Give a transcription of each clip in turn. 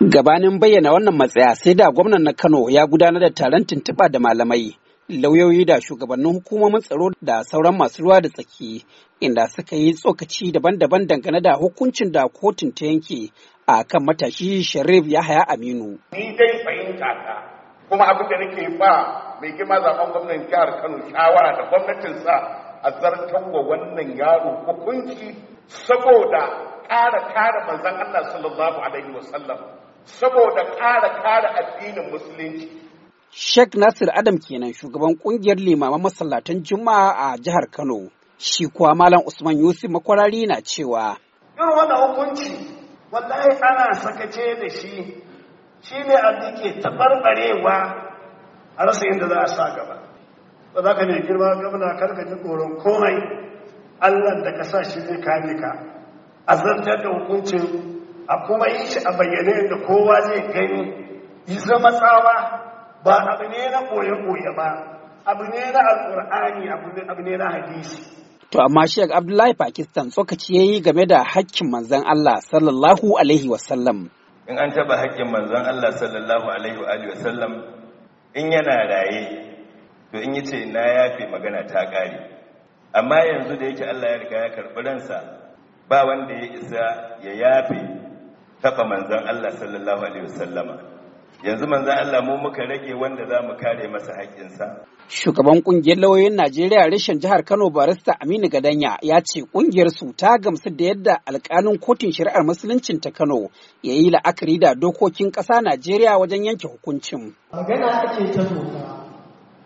Gabanin bayyana wannan matsaya sai da gwamnan na Kano ya gudanar da taron tuntuɓa da malamai, lauyoyi da shugabannin hukumomin tsaro da sauran masu ruwa da tsaki, inda suka yi tsokaci daban-daban dangane da hukuncin da kotun ta yanke a kan matashi Sharif Yahaya Aminu. Ni dai fahimta ta, kuma abin da nake ba mai gima zaben gwamnan jihar Kano shawara da gwamnatinsa a zartar wa wannan yaro hukunci saboda ƙara kare manzon Allah sallallahu alaihi wasallam saboda ƙara ƙara addinin musulunci. Sheikh Nasir Adam kenan shugaban kungiyar limaman masallatan Juma'a a jihar Kano. Shi kuwa Malam Usman Yusuf makwarari na cewa. Yau, wani hukunci wallahi ana sakace da shi shi ne a ke taɓarɓarewa a rasa yadda za a sa gaba. Ba za ka ne girma gabna karka ji tsoron komai Allah da ka sa shi zai kame ka. A zartar da hukuncin a kuma yi shi a bayyane da kowa zai gani yi zama tsawa ba abu ne na koye-koye ba abu ne na alkur'ani abu ne na hadisi To amma yaga Abdullahi Pakistan tsokaci ya yi game da hakkin manzan Allah sallallahu Alaihi wasallam. In an taba hakkin manzan Allah sallallahu Alaihi wasallam in yana raye to in ce na yafe magana ta ƙare. Amma yanzu da yake Allah ya riga ya karɓi ransa ba wanda ya isa ya yafe taba manzan Allah sallallahu alaihi wasallama yanzu manzan Allah mu muka rage wanda za mu kare masa haƙƙinsa shugaban ƙungiyar lauyoyin Najeriya reshen jihar Kano barista Aminu Gadanya ya ce ƙungiyar su ta gamsu da yadda alƙalin kotun shari'ar musuluncin ta Kano ya yi la'akari da dokokin ƙasa Najeriya wajen yanke hukuncin magana ake ta doka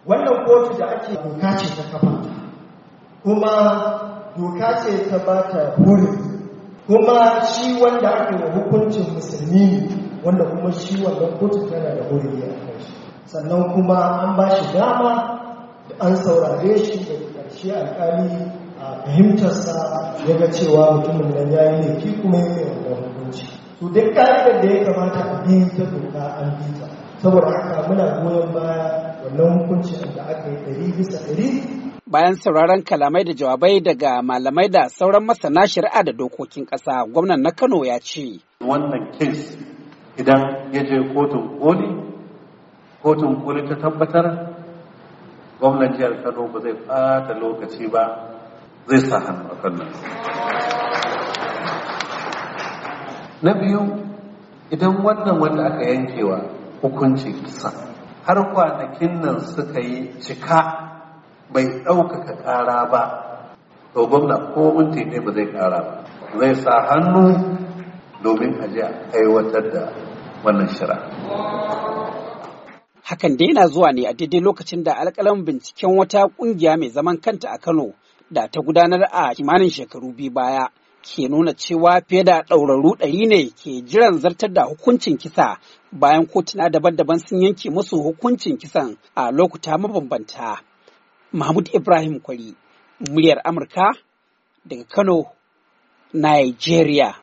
wannan kotu da ake doka ce ta kafa kuma doka ce ta bata burin. kuma shi wanda ake wa hukuncin musulmi wanda kuma shi wannan kotu tana da hurumi a kan sannan kuma an ba shi dama da an saurare shi da ƙarshe alƙali a fahimtarsa ya ga cewa mutumin nan ya yi laifi kuma ya yi wannan hukunci to duk ka'idar da ya kamata a bi ta doka an bi ta saboda haka muna goyon baya wannan hukuncin da aka yi ɗari bisa ɗari. Bayan sauraron kalamai da jawabai daga malamai da sauran masana shari'a da dokokin ƙasa, gwamnan na Kano ya ce. Wannan kes idan ya je kotun koli, kotun koli ta tabbatar gwamnan jihar Kano ba zai ɓata lokaci ba zai sa hannu a kan Na biyu, idan wannan wanda aka yankewa hukuncin kisa. har kwanakin nan suka yi cika bai ɗaukaka ƙara ba to gwamna ko minti ne ba zai ƙara ba zai sa hannu domin a je aiwatar da wannan shira hakan dai yana zuwa ne a daidai lokacin da alƙalan binciken wata ƙungiya mai zaman kanta a kano da ta gudanar a kimanin shekaru biyu baya ke nuna cewa fiye da ɗauraru ɗari ne ke jiran zartar da hukuncin kisa bayan kotuna daban-daban sun yanke musu hukuncin kisan a lokuta mabambanta. Mahmud Ibrahim Kwari, muryar Amurka daga Kano, Nigeria.